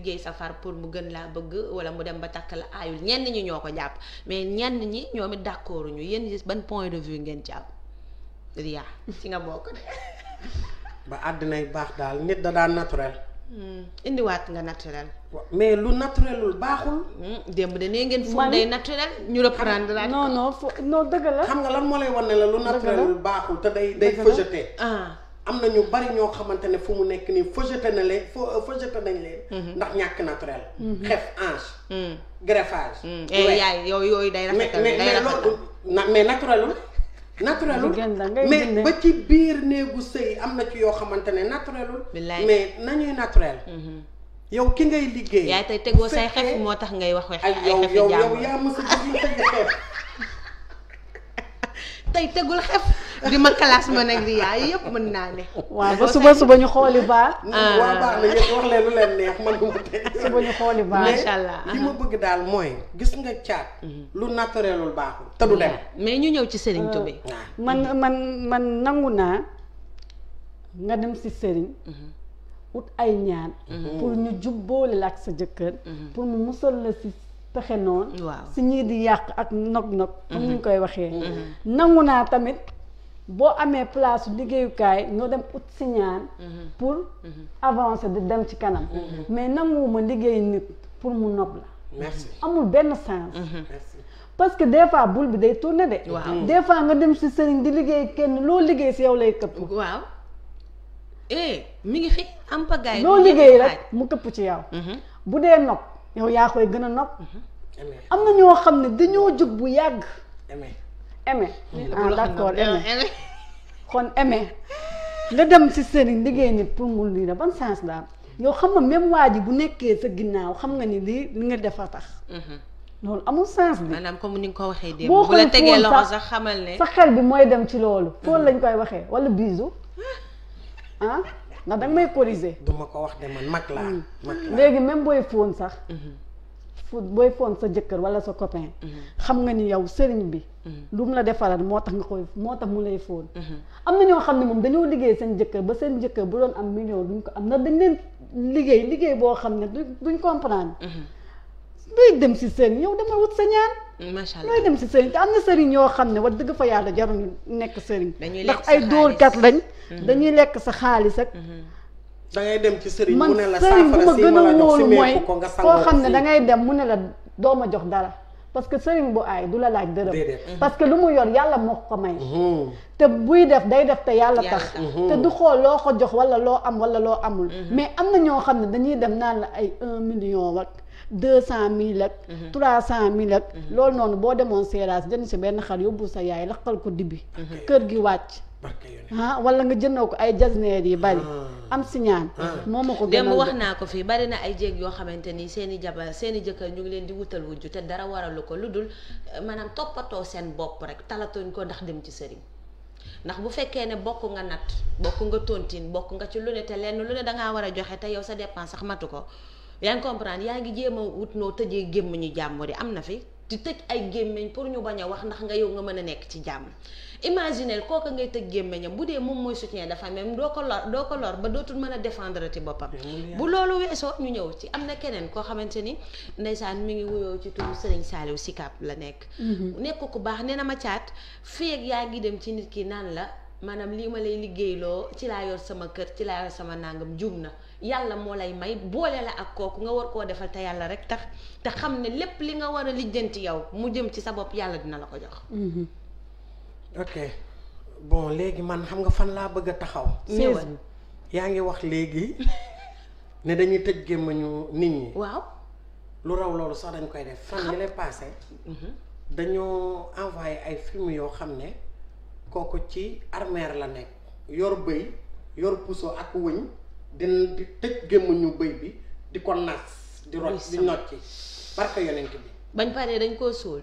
liggéey sa far pour mu gën laa bëgg wala mu dem ba takk la aayul ñenn ñi ñoo ko jàpp mais ñenn ñi ñoom it d'accord ñu yéen gis ban point de vue ngeen ci am Ria ci nga bokk de. ba àddinay baax daal nit da daan naturel. Hmm, indiwaat nga naturel. mais lu naturelul baaxul. Hmm, démb de nee ngeen. foofu day naturel ñu reprendre la. non non non dëgg la. xam nga lan moo lay wan ne la lu naturelul baaxul te day day. rejeté am na ñu bari ñoo xamante ne fu mu nekk nii fojete na leen fo euh, fojete nañ leen. Mhm. ndax ñàkk naturel. Mhm. xef ange. Mhm. greffage. Eh, yaay yooyu yooyu day rafetal day rafetal mais mais naturelul naturelul mais ba ci biir néegu sëy am na ci yoo xamante ne naturelul. mais ñuy naturel. yow ki ngay liggéey. yaa tey tegoo say xef moo tax ngay wax wax ay xefi jàmm yow yow yaa mos a gis lu xef. tey tegul xef di ma kalaas ma nag di yaay yëpp mën naa ne. waaw ba suba suba ñu xooli baax. Ah. waaw baax na yéen wax leen man suba ñu xooli baax macha allah li ma bëgg daal mooy gis nga caat. Mhm. lu naturelul baaxul te du mais ñu ñëw ci sëriñ euh, Tobi. man man man nangu naa nga dem si sëriñ. Mhm. ut ay ñaan. Mhm. pour ñu jubboole la ak sa jëkkër. pour mu musal la si. pexe noon si ñii di yàq ak nog-nog comme ñu mhm. koy waxee mhm. nangu naa tamit boo amee place liggéeyukaay ñoo dem ut si ñaan mhm. pour avancer di dem ci kanam mais nanguwuma liggéey nit pour mu nopp la amul benn sens parce que des fois bul bi day tourner de des fois nga dem si sëriñ di liggéey kenn loo liggéey si yow lay këpp waaw eh, mi ngi fi am pagaay loo liggéey rek mu këpp ci yow bu dee nob yow yaa koy gën a nopp am na ñoo xam ne dañoo jóg bu yàgg aimé ah d'accord aimé kon amee nga dem si yi liggéey nit pour mu lii la ban sens daal yow xam nga même waa ji bu nekkee sa ginnaaw xam nga ni lii li nga defa tax mhm. loolu amul sens bi maanaam comme ni nga ko waxee démb boo la tegee loxo sax xamal ne sa xel bi mooy dem ci loolu fóon lañ koy waxee wala bisu mhm. ah nga danga may corriger. du ma ko wax de mag laa mm. mag laa léegi même booy fóon sax. Mm-hmm. booy foon sa jëkkër wala sa copain. Mm-hmm. xam nga ni yow sëriñ bi. Mm-hmm. lu mu la defaral moo tax nga koy moo tax mu lay foon. am na ñoo xam ne moom dañoo liggéey seen jëkkër ba seen jëkkër bu doon am million duñ ko am na dañ leen liggéey liggéey boo xam ne duñ comprendre. day dem si seen yow dama wut sa ñaan. macha allah dem si sëriñ te am na sëriñ yoo xam ne war dëgg fa yàlla jaruñu nekk sëriñ. ndax ay dóorkat lañ. Mhm. dañuy lekk sa xaalis ak. Mhm. da ngay dem ci sëriñ mu ne la saafara si ma la jox nga sangoo man sëriñ bu ma gën a wóolu mooy koo xam ne dangay dem mu ne la doo ma jox dara. parce que sëriñ bu aay du la laaj dërëm parce que lu mu yor yàlla moo ko may mm-hmm. te buy def day def te yàlla tax te du xool loo ko jox wala loo am wala loo amul mm-hmm. mais am na ñoo xam ne dañuy dem naan la ay un million wak deux cent mille ak mm-hmm. trois cent mille ak loolu noonu boo demoon seeraas jënd si benn xar yóbbu sa yaay laqal ko dibi kër gi wàcc ah wala nga jëndoo ko ay jasneer yi bari ah. am si ñaan ah. moo ko gën wax naa ko fii bari na ay jéeg yoo xamante ni seen i jabar seeni jëkkër ñu ngi leen di wutal wujju te dara waralu ko lu dul eh, maanaam toppatoo seen bopp rek talatuñ ko ndax dem ci sëriñ ndax bu fekkee ne bokk nga nat bokk nga tontine bokk nga ci lu ne te lenn lu ne dangaa war a joxe te yow sa dépense sax matu ko yaa ngi comprendre yaa ngi jéem a wut noo tëjee gémm ñu yi am na fi di tëj ay gémmiñ pour ñu bañ a wax ndax nga yow nga mën a nekk ci jàmm imaginel kooka ngay tëj gémmiñam bu dee moom mooy soutien dafa même doo ko lor doo ko lor ba dootul mën a défendre ci boppam bu loolu weesoo ñu ñëw ci am na keneen koo xamante ni ndeysaan mu ngi wuyoo ci turu Serigne Saliou Sikap la nekk mhm. nekk ku baax nee na ma caat feeg yaa ngi dem ci nit ki naan la maanaam lii ma lay liggéeyloo ci laa yor sama kër ci laa yor sama nangam jub na yàlla moo lay may boole la ak kooku nga war koo defal te yàlla rek tax te xam ne lépp li nga war a lijjanti yow mu jëm ci sa bopp yàlla dina la ko jox. Mm-hmm. ok bon léegi man xam nga fan laa bëgg a taxaw. ñëwal yaa ngi wax léegi ne dañuy tëj gémmañu nit ñi. waaw lu raw loolu sax dañ koy def. fan yële paase. Mm-hmm. dañoo envoyé ay film yoo xam ne kooku ci armeer la nekk yor bëy yor puso ak wëñ. di di tëj gémmuñu bëy bi di ko nas di roj di nocci barke yonent bi bañ paree dañ koo suul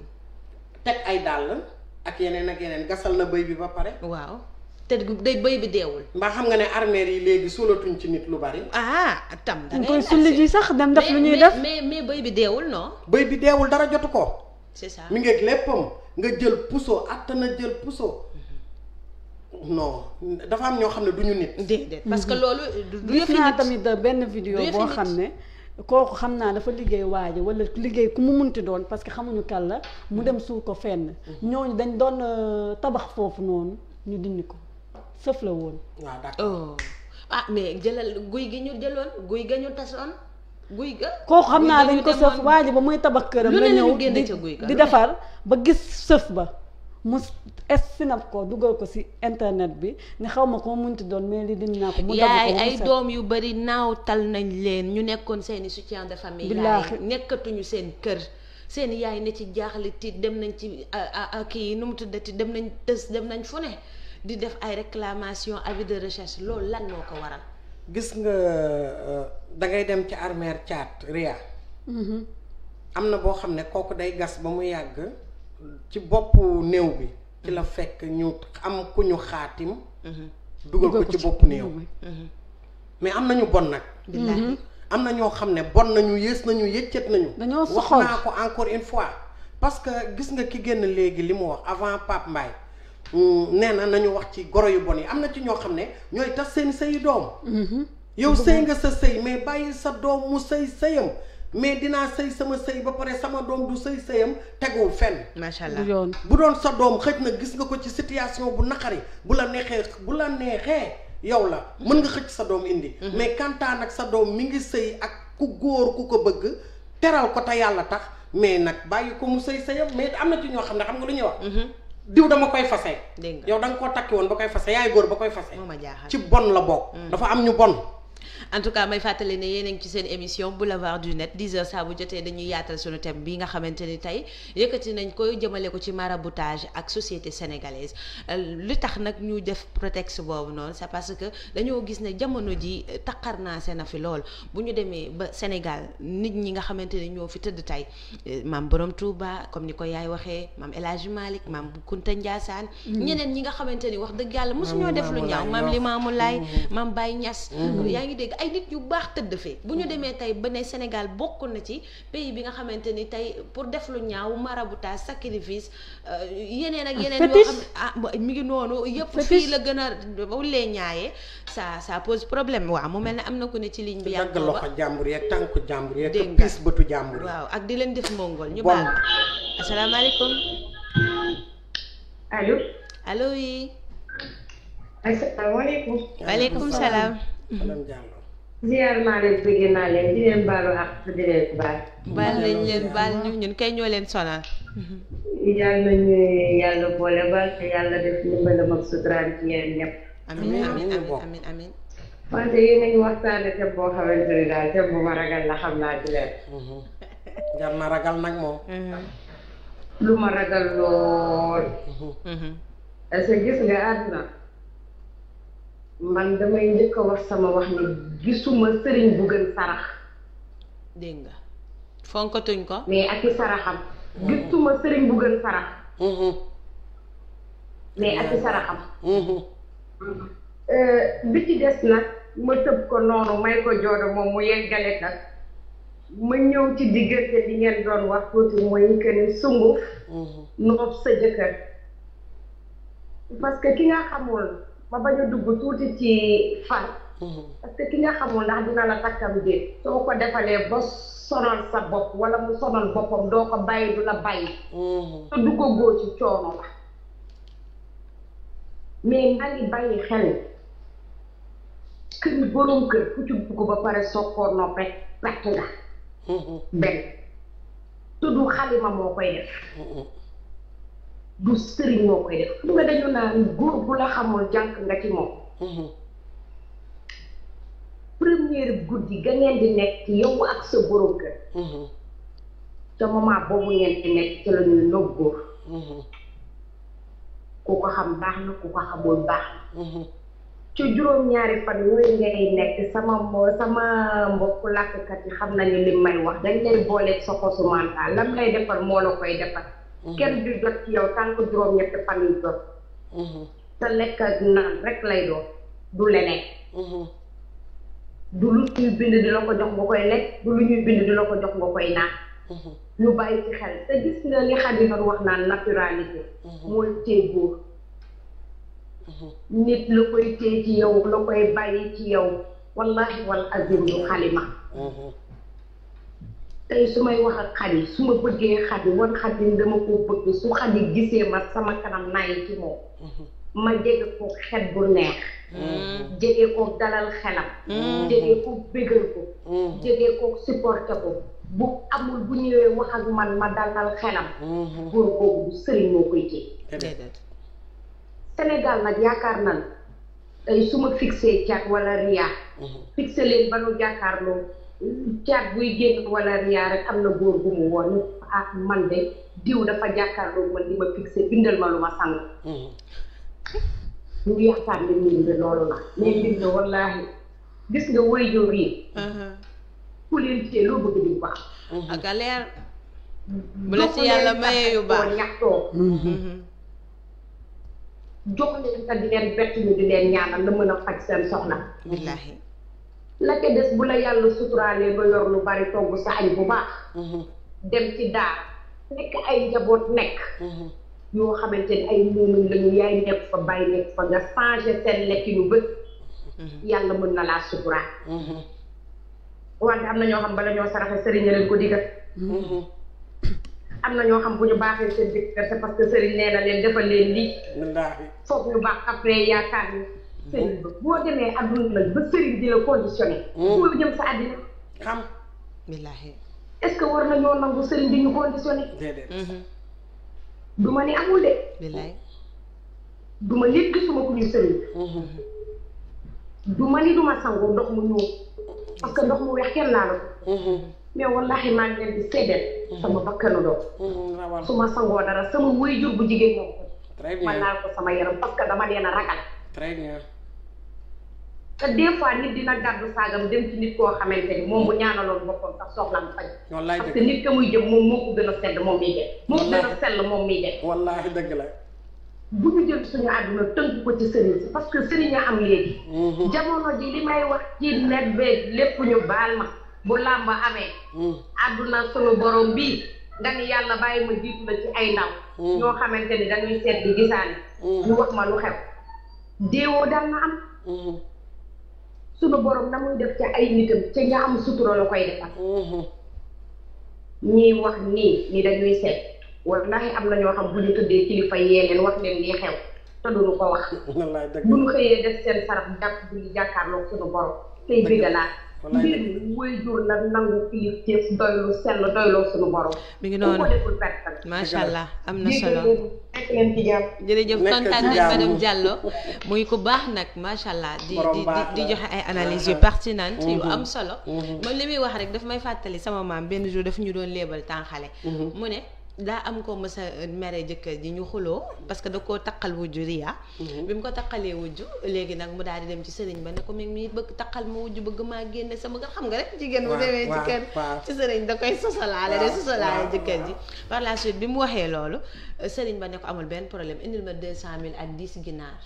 teg ay dàll ak yeneen ak yeneen gasal na bëy bi ba pare waaw te day bëy bi deewul mbaa xam nga ne armeer yi léegi suulatuñ ci nit lu bari ah tam da ngay koy sulli sax dem def lu ñuy def mais mais bëy bi deewul non bëy bi deewul dara jotu ko c'est ça mi ngeeg nga jël puso àttana jël puso non dafa am ñoo xam ne du ñu nit. déedéet parce que mm-hmm. loolu. du yëf naa tamit euh, benn vidéo boo xam ne. kooku xam naa dafa liggéey waaja wala liggéey ku mu munti doon parce que xamuñu kan la mu dem suul ko fenn. Mm-hmm. ñooñu dañ doon euh, tabax foofu noonu ñu dindi ko sëf la woon. waaw ah, d'accord oh. ah mais jëlal guy gi ñu jëloon guy ga ñu tasoon guy ga. kooku xam naa dañ ko sëf waaja ba muy tabax këram. la ñëw di defar ba gis sëf ba. mu snap ko duggal ko ci internet bi ne xaw ma ko munti doon mais li dindi naa ko. mu yaay ay doom yu bari naawtal nañ leen ñu nekkoon seeni soutien de famille. yaay nekkatuñu seen kër. seen yaay ne ci jaaxle tiit dem nañ ci kii nu mu tuddati dem nañ tës dem nañ fu ne di def ay réclamation avider de recherche loolu lan moo ko waral. gis nga euh, dangay dem ci armeer caat ria mm-hmm. am na boo xam ne kooku day gas ba mu yàgg. ci boppu néew bi ci la fekk ñu am ku ñu xaatim mhm. dugal ko ci boppu néew mhm. mais am nañu bon nag mhm. am na ñoo xam ne bon nañu yées nañu yëccët nañu wax naa ko encore une fois parce que gis nga ki génn léegi li mu wax avant Pape Mbaye mm, nee na nañu wax ci goro yu bon yi am na ci ñoo xam ne ñooy tas seen sëyu doom yow sëy nga sa sëy mais bàyyi sa doom mu sëy sëyam mais dinaa sëy sama sëy ba pare sama doom du sëy sëyam teguwul fenn. macha allah bu doon sa doom xëj na gis nga ko ci situation bu naqari bu la neexee bu la neexee yow la mën nga xëcc sa doom indi. Mhm. mais kantaan ak sa doom mi ngi sëy ak ku góor ku ko bëgg teral ko te yàlla tax mais nag bàyyi ko mu sëy sëyam mais am na ci ñoo xam ne xam nga lu ñuy wax. Mhm. diw dama koy fase. yow da nga koo takki woon ba koy fase yaay góor ba koy fase. ci bon la bokk. Mhm. dafa am ñu bon. en tout cas may fàttali ne yéen a ngi ci seen émission boulevard du net 10 heures saa bu jotee dañuy yaatal sunu thème bi nga xamante ni tey yëkkati nañ ko jëmale ko ci maraboutage ak société sénégalaise euh, li tax nag ñu def prétexte boobu noonu c'est parce que dañoo gis ne jamono ji euh, taqar naa seen fi lool bu ñu demee ba Sénégal nit ñi nga xamante ne ñoo fi tëdd tey euh, maam Borom Touba comme ni ko yaay waxee maam élage Hadj Malick maam Kunta Ndiassane mm-hmm. ñeneen ñi nga xamante ni wax dëgg yàlla mosuñoo def lu mm-hmm. mm-hmm. ngi dégg ay nit yu baax tëdd fee bu ñu mm. demee tey ba ne Sénégal bokk na ci pays bi nga xamante ni tey pour def lu ñaaw mara maraboutage sacrifice euh, yeneen ak yeneen yoo xam ah mi ngi noonu yëpp fii la gën a lee ñaayee ça ça pose problème waaw mu mel ne am na ku ne ci ligne bi yàgg loxo jàmbur yeeg tànku jàmbur yeeg dégg nga bëtu jàmbur waaw ak di leen def mongol ñu baax asalaamaaleykum allo allo yi asalaamaaleykum waaleykum salaam ziar naa leen bëgg naa leen di leen baalu ak di leen baal. baal nañ leen baal ñu ñun kay ñoo leen sonal. yàlla nañu yàlla boole baal te yàlla def ndimbalam ak suturaan ci yéen ñëpp. amiin amiin amiin amiin. wante yéen a ngi waxtaane te boo xamante ne daal te bu ma ragal la xam naa di leen. jar na ragal nag moom. lu ma ragal lool. parce mm-hmm. mm-hmm. que gis nga àdduna. man damay njëkk a wax sama wax ne gisuma sëriñ bu gën sarax. dégg nga fonkatuñ ko. mais ak i saraxam. gisuma sëriñ bu gën sarax. Mm-hmm. mais ak i saraxam. Mm-hmm. Euh, bi ci des na ma tëb ko noonu may ko joodo moom mu yeggale nag ma ñëw ci diggante li ngeen doon wax tuuti mooy que ni sunguf mm-hmm. noob sa jëkkër parce que ki nga xamul. ba bañ dugg tuuti ci fan. Mm-hmm. parce que ki nga xamul ndax dina la takkam déet soo ko defalee ba sonal sa bopp wala mu sonal boppam doo ko bàyyi du la bàyyi. Mm-hmm. te du ko ci coono la. mais nga li bàyyi xel kër yi borom kër ku ci ba pare sokkoor nopp rek perte nga. Mm-hmm. benn. tudd xalima moo koy def. du sëriñ moo koy def xam nga dañu naan góor bu la xamul jànk nga ci moom. Mhm. première guddi ga ngeen di nekk yow ak sa borom kër. Mhm. ca moment boobu ngeen di nekk ci la ñuy góor. Mhm. ku ko xam baax na ku ko xamul baax na. ci juróom-ñaari fan yooyu ngay nekk sama sama mbokk làkkat yi xam nañu li may wax dañ lay booleeg sa kosu lam lay defar moo la koy defar. Mhm. kenn du jot ci yow tànk juróom-ñetti fan jot. sa mhm. lekk ak naan rek lay doon du leneen. Mhm. du lu ñuy bind di la ko jox nga koy lekk du lu ñuy bind di la ko jox nga koy naan. ñu bàyyi ci xel te gis nga li Xadi doon wax naan naturalité. mooy téye góor. nit la koy téye ci yow la koy bàyyi ci yow wallahi wal azim du xalima. tey su may wax ak xadi su ma bëggee xadi wan xadi dama ko bëgg su xadi gisee ma sama kanam naay ci moom mm-hmm. ma jege ko xet bu neex mm-hmm. jege ko dalal xelam mm-hmm. jege ko bégal ko jege ko supporté ko bu amul bu ñëwee wax ak man ma dalal xelam góor boobu du sëriñ moo koy jël Sénégal nag yaakaar nan tey su ma fixé cat wala ria fixé ba nu jàkkaarloo caat buy génn wala riyaa rek am na góor bu mu woon ah man de diw dafa jàkkaarloo man di ma fixé bindal ma lu ma sang. ñu mm-hmm. yaakaar ne mbir loolu la mais mbir mi wallaahi gis nga woy jóor yi. Mm-hmm. ku leen tee loo bëgg di baax. Mm-hmm. ak leer. bu la ci yàlla mayee yu baax jox leen ka di leen bett ñu di leen ñaanal la mën a faj seen soxla. wallaahi. la ca des bu la yàlla suturaalee ba yor lu bari togg sa añ bu baax mhm. dem ci daar nekk ay njaboot nekk mhm. yoo xamante ne ay moomin lañu yaay nekk fa bàyyi nekk fa nga changé seen lekk yu bët mhm. yàlla mën na laa suturaal wante am na ñoo xam bala ñoo saraxe sëriñ leen ko digal am na ñoo xam bu ñu baaxee seen jëkkër c'est parce que sëriñ nee na leen defal leen lii foofu ñu baax après yaakaar ni sëriñ ba boo demee adduna la ba sëriñ di la conditionné. Hmm. foo jëm sa àddina. xam billaahi. est ce que war nañoo nangu sëriñ bi ñu conditionné. déedéet. Mhm. du ma ni amul du ma nit gisuma ku ñuy sëriñ. Mhm. du ma ni du ma sangu ndox mu ñëw parce que ndox mu kenn laal ko. Mhm. mais wallaahi maa ngi leen di seedeel. sama bakkanu doom. su ma sangoo dara sama wéyjur bu jigéen ñoom. très bien mën sama yaram parce que dama leen a ragal. te des nit dina gàddu saagam dem ci nit koo xamante ni moom bu ñaanaloon boppam sax soxlam faj. wallaay dëgg parce que nit ka muy jëm moom moo ko gën a sedd moom miy def. moo ko gën a sell moom miy def. wallaahi dëgg la. bu ñu jël suñu àdduna tënk ko ci sëriñ parce que sëriñ a am léegi. Mhm. jamono ji li may wax ci net beeg lépp ñu baal ma bu làmb amee. Mhm. àdduna suñu borom bii nga ni yàlla bàyyi ma jiitu la ci ay ndaw. Mhm. ñoo xamante ni dañuy seet di gisaani. wax ma lu xew. deewoo daan suñu borom na def ca ay nitam ca ña am sutura la koy defal. Mhm. ñiy wax nii ni dañuy seet wallaahi am na ñoo xam bu ñu tuddee kilifa yee leen wax leen lii xew te duñu ko wax. wallaay dëgg xëyee def seen saraf jàpp bu ñu jàkkaarloog suñu borom. tey bégalaat. mbir mi wëy jur la mi ngi noonu macha allah am na solo. nekk leen ci jàmm jërëjëf kontaan nañ madame muy ku baax nag macha allah di di di joxe ay analyses yu pertinentes yu am solo. moom li muy wax rek dafa may fàttali sama maam benn jour daf ñu doon léebal tànxale mu ne. daa am ko mës a euh, mere jëkkër ji ñu xuloo parce que da koo taqal wujju riyaa mhm. bi mu ko taqalee wujju léegi nag mu daal di dem ci sëriñ ba ne ko mi ngi bëgg taqal ma wujju bëgg maa génne sama nga xam nga rek jigéen mu demee ci koy sosalaale de sosalaale jëkkër ji par la suite bi mu waxee loolu euh, sëriñ ba nekk amul benn problème indil ma de cent mille ak dix ginaar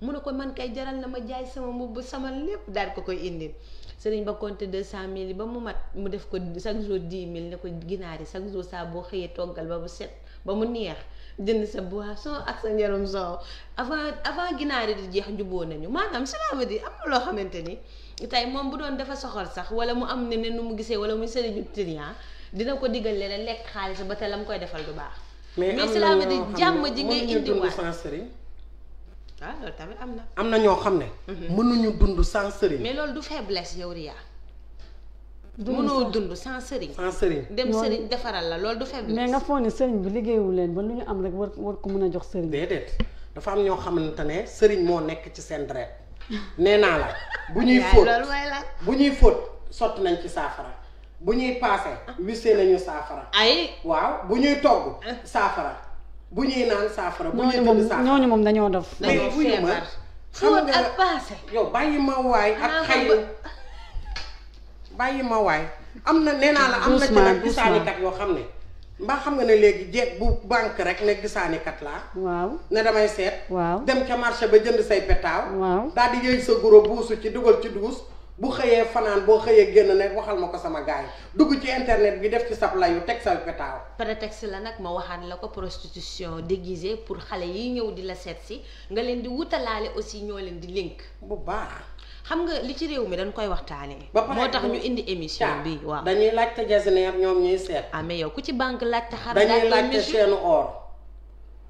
mu ne ko man kay jaral na ma jaay sama mbubb sama lépp daal ko koy indil sëriñ ba compté deux cent mille yi ba mu mat mu def ko chaque jour dix mille ne ko ginaar yi chaque jour saa boo xëyee toggal ba bu set ba mu neex jënd sa boisson ak sa njarum soow avant avant ginaar yi di jeex juboo nañu maanaam cela veut dire am na loo xamante ni tey moom bu doon dafa soxal sax wala mu am ne ne nu mu gisee wala muy sëriñu client dina ko digal leen lekk xaalis ba te la mu koy defal du baax mais cela veut dire jàmm ji ngay indiwaat ah loolu tamit am na. am na ñoo xam ne. Mhm. mënuñu dund sans sëriñ. mais loolu du faiblesse yow Ria. mënoo dund sans sëriñ. sans sëriñ dem sëriñ defaral la loolu du faiblesse. mais nga foog ne sëriñ bi liggéeyu leen ba lu ñu am rek war ko mën a jox sëriñ. déedéet dafa am ñoo xamante ne sëriñ moo nekk ci seen deret. nee naa la bu ñuy fóot bu ñuy fóot sotti nañ ci saafara. bu ñuy paase. Ah. wissee nañu saafara. ay waaw bu ñuy togg ah. saafara. bu ñuy naan saafara bu ñuy tëdd saafara ñooñu moom dañoo def dañoo feebar xam nga ak passé yow bàyyi ma waay ak ah, xay bàyyi ma am na nee naa la am na ci yoo xam ne mbaa xam nga ne léegi jeeg bu banque rek ne gisaanikat laa waaw ne damay seet waaw dem ca marché ba jënd say petaaw waaw daal di yëy sa goro buusu ci dugal ci duus bu xëyee fanaan boo xëyee génn ne waxal ma ko sama gars dugg ci internet bi def ci sab layu teg sa pétaaw prétexte la nag ma waxaat la ko prostitution déguisée pour xale yi ñëw di la seet si nga leen di wutalaale aussi ñoo leen di link bu baax xam nga li ci réew mi dañ koy waxtaanee moo tax ñu indi émission bi waaw dañuy laajte jasineer ñoom ñuy seet ah mais yow ku ci banque laajte xar dañuy laajte seenu or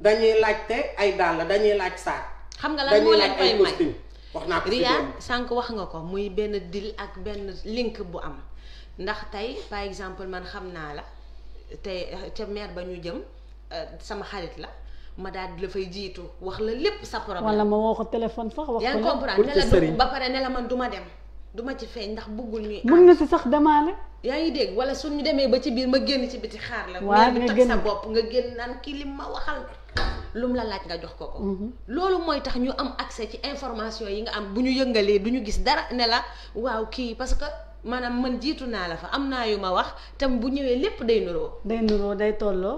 dañuy laajte ay dàll dañuy laaj saak xam nga lan moo wax naa ko sànq wax nga ko muy benn deal ak benn link bu am ndax tey par exemple man xam naa la tey ca meer ba ñu jëm euh, sama xarit la ma daal di la fay jiitu wax la lépp sa problème. wala ma woo ko téléphone sax. wax ko yaa ba pare ne la man duma dem. duma ci feeñ ndax bëggul ñuy. am na si sax demaale. yaa ngi dégg wala suñu demee ba ci biir ma génn ci biti xaar la. waaw nga génn sa bopp nga génn naan kii li ma waxal. lum la laaj nga jox ko ko. Mhm. loolu mooy tax ñu am accès ci information yi nga am bu ñu yëngalee du ñu gis dara ne la waaw kii parce que maanaam man jiitu naa la fa am naa yu ma wax tam bu ñëwee lépp day nuroo. day nuroo day tolloo.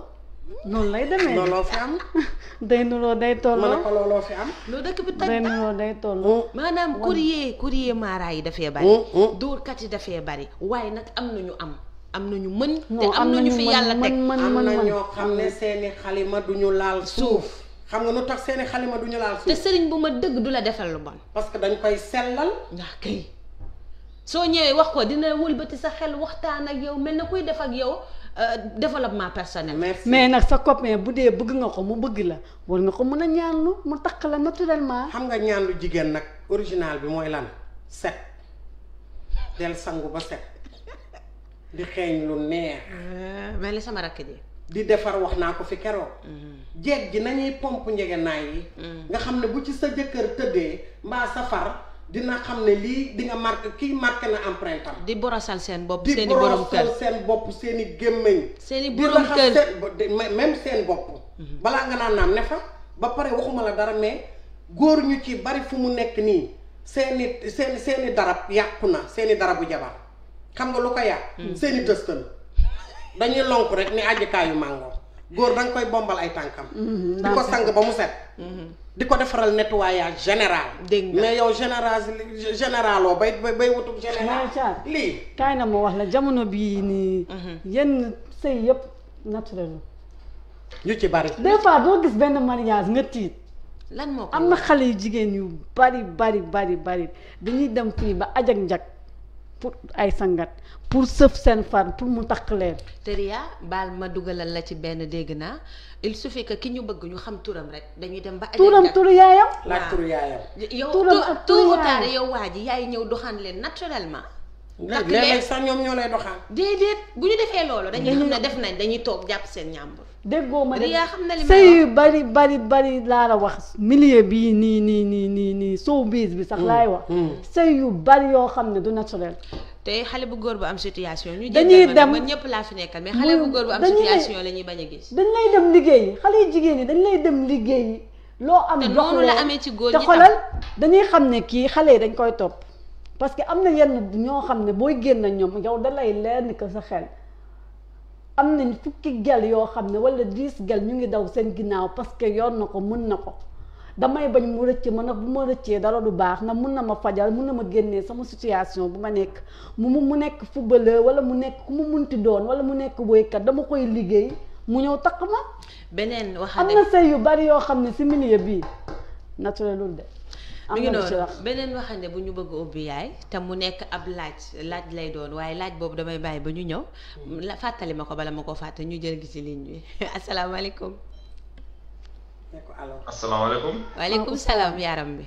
noonu lay demee looloo fi am. day nuroo day tolloo mën na ko looloo fi am. loolu dëkk bi toj day nuroo day tolloo. Mm. maanaam courrier courrier mara yi dafee bari. Mm, mm. dóorkat yi dafee bari waaye nag am na ñu am. am na ñu mën. te am na ñu fi yàlla teg am na ñoo xam ne seeni xalima du ñu laal suuf. xam nga lu tax seeni xalima duñu laal suuf. te sëriñ bu ma dëgg du la defal lu bon. parce que dañ koy sellal. ndax kay soo ñëwee wax ko dina wëlbati sa xel waxtaan ak yow mel na kuy def ak yow euh, développement personnel. mais nag sa copain bu dee bëgg nga ko mu bëgg la war nga ko mën a ñaanlu mu taq la naturellement. xam nga ñaanlu jigéen nag original bi mooy lan set del sangu ba di xeeñ lu neex. Ah, mel ni sama rakk ji. di defar wax naa ko fi keroog. Mm-hmm. jeeg ji nañuy pomp njëgënaay yi. Mm-hmm. nga xam ne bu ci sa jëkkër tëddee mbaa sa dina xam ne lii di nga marqué kii marqué na empreinte di borosal seen bopp seen i borom kër di borosal seen bopp seen i gémmiñ. seen i borom kër même seen bopp. Mm-hmm. balaa nga naan naam ne fa ba pare waxuma la dara mais góor ñu ci bari fu mu nekk nii seeni i seen seen i yàqu na seeni i darabu jabar. xam nga lu ko yàq hmm. seeni tëstal dañuy lonk rek ni àjjikaayu màngo góor da nga koy bombal ay tànkam hmm, hmm, di ko sang ba mu set di ko defaral nettoyage général mais yow général généraloo bay bay wutub général lii na moo wax la jamono bii nii yenn sëy yëpp naturel yu ci bari des benn mariage nga lan moo am na yu jigéen yu bari bari bari bari dañuy dem fii ba ajag njak pour ay sangat pour sëf seen fan pour mu takk leen. Tëria baal ma dugalal la ci benn dégg naa il suffit ki ñu bëgg ñu xam turam rek dañuy dem ba. turam turu yaayam. laaj yow turu yaayam yow waa ji yaay ñëw doxaan leen naturellement. takk leen sax ñoom ñoo lay doxaan. déedéet bu ñu defee loolu dañuy mm-hmm. xam def nañ dañuy toog jàpp seen ñàmbur. déggoo ma de yaa xam na li sëy yu bari bari bari laa wax milieu bii nii nii nii nii nii showbiz bi sax mm-hmm. laay wax. Mm-hmm. sëy yu bari yoo xam ne du naturel. te xale bu góor bu am situation. ñu dañuy dem man ñëpp laa fi nekkal mais xale bu góor bu am situation la ñuy bañ a gis. dañ lay dem liggéeyi xale jigéen ñi dañ lay dem liggéeyi. loo am dox te noonu la amee ci góor ñi te dañuy xam ne kii xale yi dañ koy topp parce que am na yenn ñoo xam ne booy génn ñoom yow da lay leer ni que sa xel am nañ fukki gel yoo xam ne wala dix gel ñu ngi daw seen ginnaaw parce que yoon na ko mën na ko damay bañ mu rëcc ma nag bu ma rëccee dara du baax na mun na ma fajal mun na ma génnee sama situation bu ma nekk mu mu nekk footballeur wala mu nekk ku mu munti doon wala mu nekk woykat dama koy liggéey mu ñëw takk ma. beneen wax am na sëy yu bari yoo xam ne si bii naturelul de. mi nga noonu beneen waxande bu ñu bëgg ubbi yaay te mu nekk ab laaj laaj lay doon waaye laaj boobu damay bàyyi ba ñu ñëw mm. fàttali ma ko bala ma ko fàtte ñu jël gi ci ligne bi asalaamaaleykum. asalaamaaleykum. waaleykum ah, salaam yaram bi.